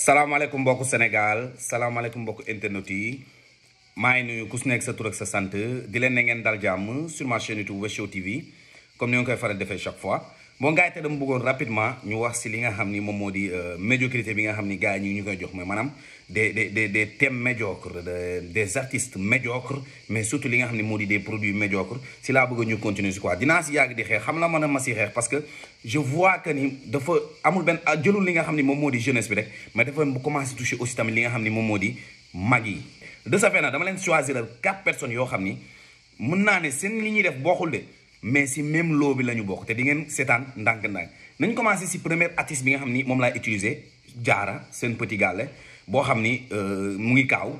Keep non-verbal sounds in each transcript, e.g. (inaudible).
salaamaaleykum mbokku Sénégal salaamaaleykum mbokku internet yi maa ngi nuyu ku su nekk sa tur sa sant di leen ne ngeen dal jàmm sur ma chaîne YouTube TV comme ni nga koy faral defee chaque fois. bon gars yi te dama bëggoon rapidement ñu wax si li nga xam ni moom moo di euh, médiocrité bi nga xam ni gars yi ñu koy jox mais maanaam des des des des thèmes médiocres des mais surtout li nga xam ni moo di des produits médiocres si laa bëgg ñu continuer si quoi dinaa a ma si xeex parce que je vois que ni dafa amul benn ah, jëlul li xam ni moom moo di jeunesse bi rek mais dafa commencé toucher aussi tamit li nga xam ni moom moo di mag yi de ce fait dama leen choisir quatre personnes yoo xam ni mën naa ne seen li ñuy def bokkul de mais si même loo bi la ñu bokk te dingeen ngeen seetaan ndànk-ndànk nañ commencé si premier artiste bi nga xam ni moom laay utilisé jaara seen petit boo xam ni euh, mu ngi kaaw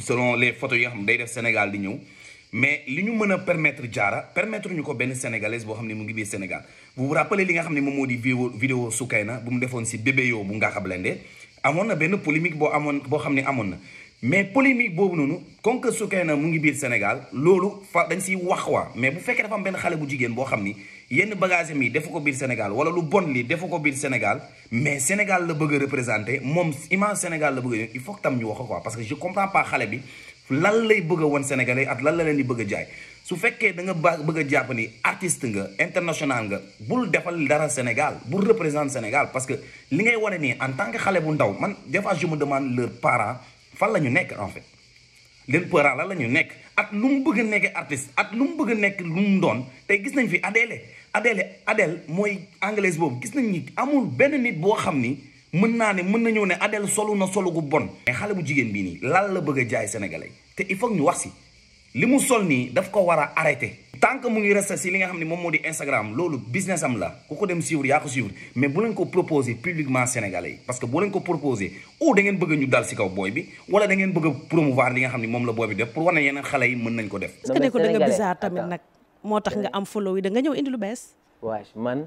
selon les photos yoo nga xam ne day def Sénégal di ñëw mais li ñu mën a permettre jaara permetre ñu ko benn sénégalaise boo xam ne mu ngi biir Sénégal vous vous rappelez li nga xam ne moom moo di vidéo na bu mu defoon si bébé yoo bu Ngaaka Blindé amoon na benn polémique boo amoon boo xam ne amoon na mais polémique boobu noonu comme que Soukeyna mu ngi biir Sénégal loolu fa dañ siy wax waa mais bu fekkee dafa am benn xale bu jigéen boo xam ni yenn bagage mi defu ko biir Sénégal wala lu bon lii defu ko biir Sénégal mais Sénégal la bëgg a représenté moom image Sénégal la bëgg il faut que tam ñu wax quoi parce que je comprends pas xale bi lan lay bëgg woon Sénégalais at lan la leen di bëgg a jaay su fekkee da nga ba bëgg a jàpp ni artiste nga international nga bul defal dara Sénégal bul représente Sénégal parce que li ngay wane nii en tant que xale bu ndaw man des fois je demande leurs parents fan la ñu nekk en fait leen peuraa la ñu nekk at lu mu bëgg a nekk artiste at lu mu bëgg a nekk lu mu doon tey gis nañ fi Adele Adele Adele mooy anglaise boobu gis nañ ni amul benn nit boo xam ni mën naa ne mën na ne Adele solu na solu gu bon mais xale bu jigéen bii nii lan la bëgg a jaay sénégalais te il faut ñu wax si li mu sol nii daf ko war a arrêté tant que mu ngi resté loolu business am la ku ko dem suivre yaa ko suivre mais bu leen ko proposé publiquement sénégalais parce que boo leen ko proposé ou da bëgg ñu dal si kaw booy bi wala da bëgg a li nga xam ne moom la booy bi def pour wane yeneen xale yi mën nañ ko def. est que nekkul da tamit nag moo tax nga am follow yi da ñëw indi lu bees. waaw man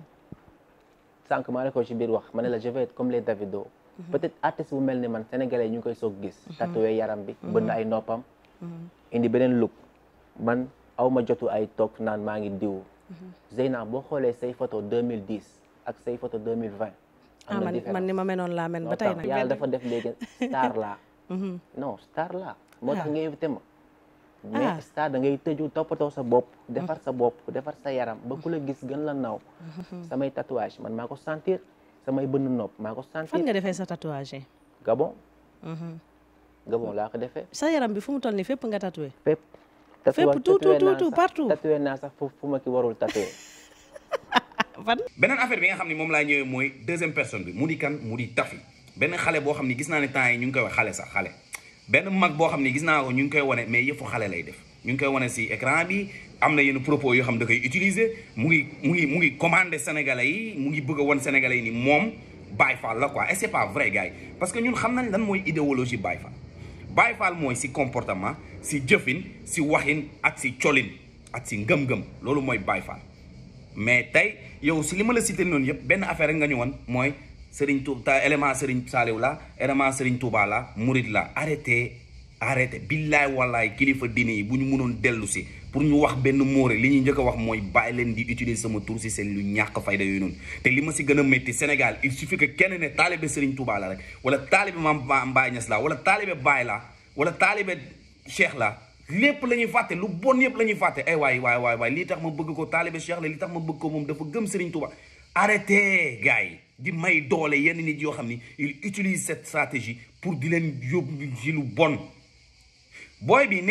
sànq maa la ko ci biir wax ma ne la je comme les aw ma jotu ay toog naan maa ngi diw Zeyna boo xoolee say photo 2010 ak say photo 2020 am ah, na a man ni ma menoon laa men ba tey nag yàlla dafa def léegi star laa (laughs) mhm. non star laa moo tax ah. nga invité ma ah. toppatoo sa bopp defar sa bopp defar sa yaram ba ku la gis gën la naw mhm. samay tatouage man maa ko sentir samay bënn nopp maa ko sentir fan nga defee sa tatouage yi Gabon mhm. Gabon laa ko defee sa yaram bi fu mu toll nii fépp nga tatoué fépp tout tout tout tout partout tatoué naa sax fu ma (laughs) beneen affaire bi nga xam ne moom laa ñëwee mooy deuxième personne bi mu di kan mu di tafi benn xale boo xam ne gis naa ne temps yi ñu ngi koy wax xale sax xale benn boo xam ne gis naa ko ñu ngi koy wane mais yëpp xale lay def ñu ngi koy wane si écran bi am na yenn propos yoo xam ne da koy utiliser mu ngi mu ngi mu ngi commandé sénégalais yi mu ngi bëgg a wan yi ni moom Baye Fall la quoi et c'est pas vrai gars yi parce que ñun xam nañ lan mooy idéologie Baye Fall Baay Faal mooy si comportement si jëfin si waxin ak si colin ak si ngëm-ngëm loolu mooy Baay mais tey yow si li ma la si noonu yëpp benn affaire rek nga ñu woon mooy Serigne Touba élément Serigne Saliou la élément Serigne Touba la murit la arrêté arrêté billaay wallaay kilifa diine yi bu ñu mënoon dellu si pour ñu wax benn moore li ñuy njëkk wax mooy bàyyi leen di utiliser sama tur si seen lu ñàkk fayda yooyu noonu te li ma si gën a métti Sénégal il suffit que kenn ne taalibe Serigne Touba la rek wala taalibe Maam Baye Niass la wala taalibe Baye la wala taalibe Cheikh la lépp lañuy ñuy fàtte lu bon yëpp la ñuy fàtte ay eh waay waay waay waay lii tax ma bëgg ko taalibe Cheikh la lii tax ma bëgg ko moom dafa gëm Serigne Touba arrêté gars yi di may doole yenn nit yoo xam ne il utilise cette stratégie di leen yóbbu ci lu bon booy bi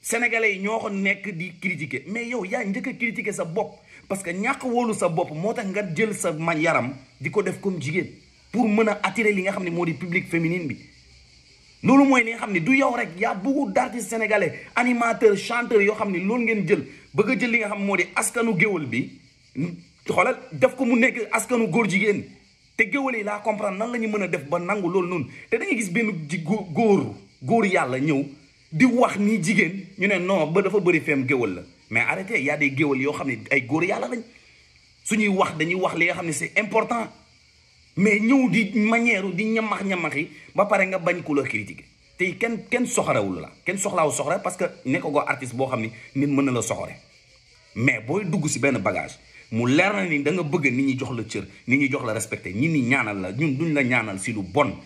sénégalais yi ñoo ko nekk di critiquer mais yow yaa njëkk a critiquer sa bopp parce que ñàkk wóolu sa bopp moo tax nga jël sa ma yaram di ko def comme jigéen pour mën a attirer li nga xam ne moo di public féminine bi loolu mooy li xam ne du yow rek y'a beaucoup d'artistes sénégalais animateurs chanteurs yoo xam ne loolu ngeen jël bëgg a jël li nga xam moo di askanu géwal bi xoolal def ko mu nekk askanu góor jigéen te géwal yi laa comprendre nan la ñu mën a def ba nangu loolu noonu te da gis benn ji góor góor yàlla ñëw di wax ni jigéen ñu ne non ba dafa bëri fem géwal la mais arrêtez y a des yoo xam ne ay góor yàlla lañ suñuy wax dañuy wax li nga xam ne c'est important mais ñëw di manière di ñamax ñamax yi ba pare nga bañ ku la critiquer te kenn kenn soxorewul la kenn soxlaawu soxore parce que nekk ko artiste boo xam ni nit mën na la soxore mais booy dugg si benn bagage mu leer na ni da nga bëgg nit ñi jox la cër nit ñi jox la respecté nit ni ñaanal la ñun duñ la ñaanal si lu bon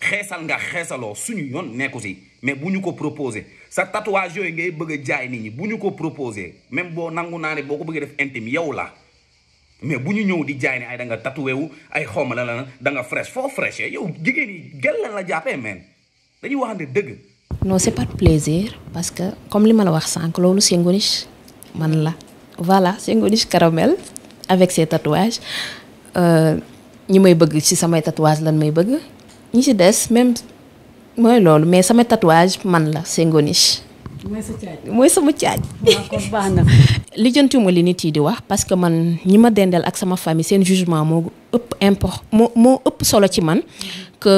xeesal nga xeesaloo suñu yoon nekku si. mais bu ñu ko proposé sa tatouage yooyu ngay bëgg jaay nit ñi bu ñu ko proposé même boo nangu naa ne boo ko bëggee def intime yow la mais bu ñu ñëw di jaay ne ay da nga tatoué wu ay xawma la la da nga fresh foo fresh eh? yow jigéen yi gel la la jàppee men dañuy waxante dëgg. non c'est pas plaisir parce que comme li ma la wax sànq loolu Sengonish man la voilà Sengonish Caramel avec ses tatouages euh, ñi may bëgg ci samay tatouage lan may bëgg mooy loolu mais sama tatouage man la Senghonish. mooy mooy sama caaj. waaw baax na. (laughs) lijjantiwuma li nit yi di wax parce que man ñi ma dendal ak sama famille seen jugement moo ëpp import moo moo ëpp solo ci man. que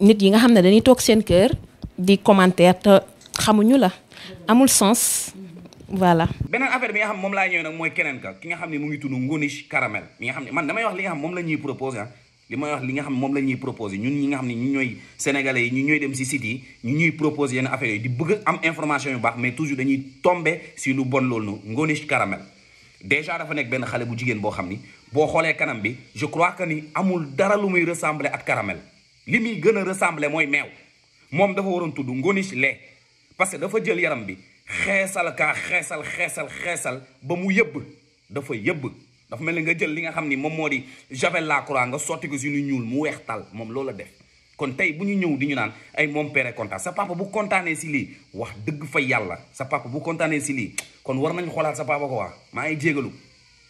nit yi nga xam ne dañuy toog seen kër di commentaire te xamuñu la. amul sens. voilà. beneen affaire bi nga xam moom laa ñëw nag mooy keneen ka ki nga xam ne mu ngi tudd Ngonish Caramel man damay wax li nga xam moom la ñuy proposé ah. li may wax li nga xam moom lañuy ñuy proposé ñi nga xam ne ñu ñooy sénégalais yi ñu ñuy dem si site yi ñu ñuy proposé yenn affaire yi di bëgg am information yu baax mais toujours dañuy tombé si lu bon loolu noonu Ngoné Caramel déjà dafa nekk benn xale bu jigéen boo xam ni boo xoolee kanam bi je crois que ni amul dara lu muy ressembler ak karamel li muy gën a ressembler mooy meew moom dafa waroon tudd Ngoné lee parce que dafa jël yaram bi xeesal kaa xeesal xeesal xeesal ba mu yëbb dafa yëbb dafa mel ni nga jël li nga xam ni moom moo di Javel Lacroix nga sotti ko si nu ñuul mu weex tal moom loola def kon tey bu ñu ñëw di ñu naan ay moom père kontaan sa papa bu kontaanee si lii wax dëgg fa yàlla sa papa bu kontaanee si lii kon war nañu xoolaat sa papa ko wax maa ngi jégalu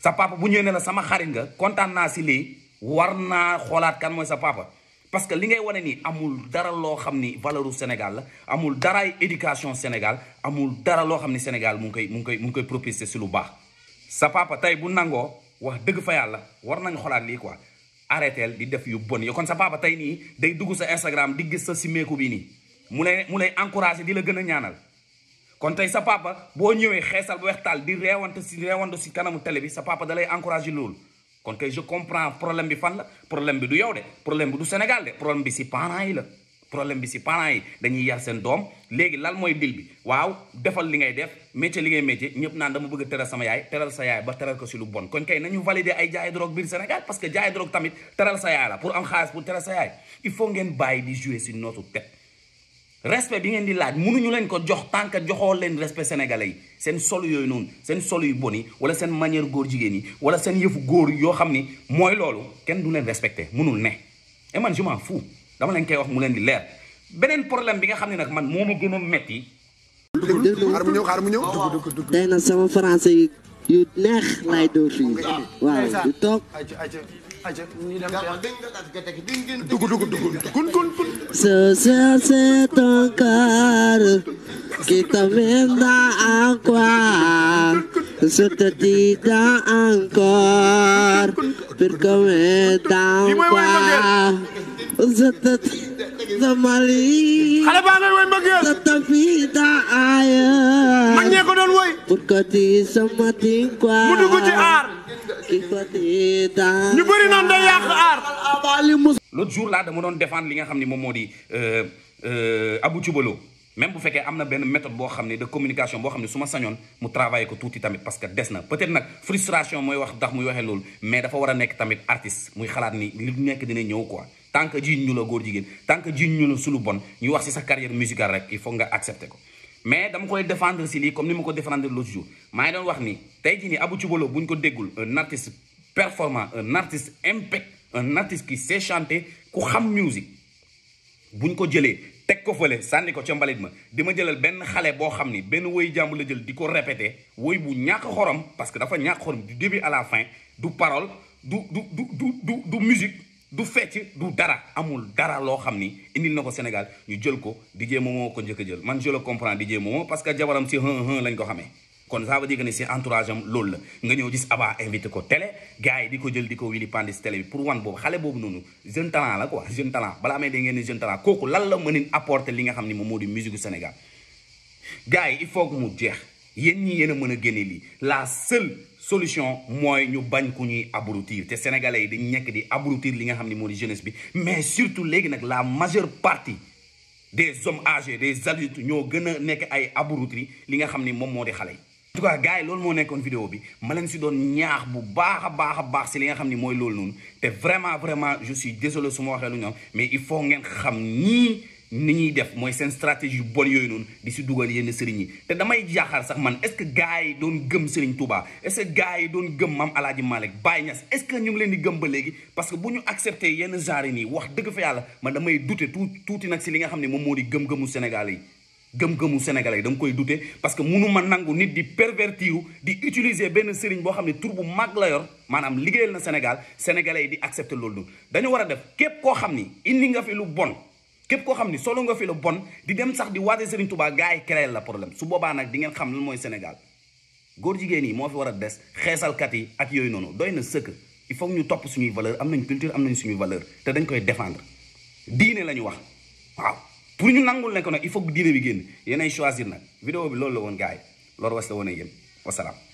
sa papa bu ñëwee ne la sama xarit nga kontaan naa si lii war naa xoolaat kan mooy sa papa. parce que li ngay wane nii amul dara loo xam ni valeuru Sénégal la amul daraay éducation Sénégal amul dara loo xam ni Sénégal mu ngi koy mu ngi koy mu ngi koy propulsé si lu baax sa papa tey bu nangoo. wax dëgg fa yàlla war nañ xolaat lii quoi arrêteel di def yu bon yi kon sa papa tey nii day dugg sa Instagram di gis sa simeeku bi nii mu lay mu lay encouragé di la gën a ñaanal kon tey sa papa boo ñëwee xeesal bu wextaal di reewante si reewante si kanamu tele bi sa papa dalay lay encouragé loolu kon kay je comprends problème bi fan la problème bi du yow de problème bi du Sénégal de problème bi si parents yi la problème bi si parent yi dañuy yar seen doom léegi lan mooy dil bi waaw defal li ngay def métier li ngay métier ñëpp naan dama bëgg a teral sama yaay teral sa yaay ba teral ko si lu bon kon kay nañu valider ay jaay drogue biir Sénégal parce que jaay drogue tamit teral sa yaay la pour am xaalis pour teral sa yaay il faut ngeen bàyyi di jouer si notre tête respect bi ngeen di laaj mënuñu leen ko jox tant que joxoo leen respect sénégalais yi seen solu yooyu noonu seen solu yu bon yi wala seen manière góor jigéen yi wala seen yëfu góor yoo xam ni mooy loolu kenn du leen respecté mënul ne et dama leen koy wax mu leen di leer beneen problème bi nga xam ne nag man moo ma gën a metti. xaar mu ñëw xaar mu ñëw. tey nag sama français yu yu neex laay dóor fii sa tët sa mali. xale baa ngay woy mbëggeel. sa tafi daa aaya. mag ñee ko doon woy. pour que ti sama ti quoi. mu dugg ci aar. ki ko ti daa. ñu bëri naan day yàq aar. l'autre jour là dama doon défendre li nga xam ne moom moo di euh, euh, Abou Thioubalo même bu fekkee am na benn méthode boo xam ne de communication boo xam ne su ma sañoon mu travailler ko tuuti tamit parce que des na peut-être nag frustration mooy wax tax muy waxee loolu mais dafa war a nekk tamit artiste muy xalaat ni li nekk dina ñëw quoi tant que jiñ ñu la góor jigéen tant que jiñ ñu la sulu bon ñu wax si sa carrière musicale rek il faut nga accepté ko mais dama koy défendre si lii comme ni ma ko défendre l'autre jour maa ngi doon wax ni tey jii nii Abou Thioubalo bu ñu ko déggul un artiste performant un artiste impact un artiste qui sait chanter ku xam musique bu ñu ko jëlee teg ko fële sànni ko ca mbalit ma di ma jëlal benn xale boo xam ni benn woy jàmbur la jël di ko répété woy bu ñàkk xorom parce que dafa ñàkk début à la fin du parole du du du du fecc du dara amul dara loo xam ni indi na ko Sénégal ñu jël ko DJ Momo ko njëkk jël man je le comprends DJ Momo parce que jabaram si un un lañ ko xamee kon ça veut dire que si entourage loolu la nga ñëw gis Abba invité ko télé gars yi di ko jël di ko wili pandis télé bi pour wan boobu xale boobu noonu jeune talent la quoi jeune talent balaa amee da ngeen jeune talent kooku lan la mën a apporter li nga xam ni moom moo di musique Sénégal gars yi il faut mu jeex. yéen ñi yéen a mën a génne lii la seule solution mooy ñu bañ ku ñuy abrutir te sénégalais yi dañ nekk di abrutir li nga xam ne moo di jeunesse bi mais surtout léegi nag la majeure partie des hommes âgés des adultes ñoo gën a nekk ay abrutir li nga xam ni moom moo di xale yi. en tout cas gars yi loolu moo nekkoon vidéo bi ma leen si doon ñaax bu baax a baax a baax si li nga xam ni mooy loolu noonu te vraiment vraiment je suis désolé su ma waxee lu ñu mais il faut ngeen xam ñii. ni ñuy def mooy seen stratégie bon yooyu noonu di si dugal yenn sëriñ yi te damay jaaxaar sax man est-ce que gars yi doon gëm sëriñ Touba est-ce yi doon gëm maam Alaaji Malick Baye Niass est-ce que ñu ngi leen di gëm ba léegi parce que bu ñu accepté yenn genre yi nii wax dëgg fa yàlla man damay dute tuuti tuuti nag si li nga xam ne moom moo di gëm-gëmu Sénégal yi gëm-gëmu sénégalais dama koy dute parce que munu ma nangu nit di pervertiru di utiliser benn sëriñ boo xam ne tur bu mag la yor maanaam liggéeyal na Sénégal sénégalais yi di accepter loolu dañu war a def képp koo xam ni indi nga fi lu bon képp koo xam ni solo nga fi la bon di dem sax di waate Serigne Touba gars yi créé la problème su boobaa nag di ngeen xam lan mooy Sénégal góor jigéen yi moo fi war a des xeesalkat yi ak yooyu noonu doy na sëkk il faut ñu topp suñuy valeur am nañ culture am nañ suñuy valeur te dañ koy défendre diine la ñu wax waaw pour ñu nangul ne ko nag il faut que diine bi génn yeneen choisir nag vidéo bi loolu la woon gaay yi loolu was la woon a yéen wasalaam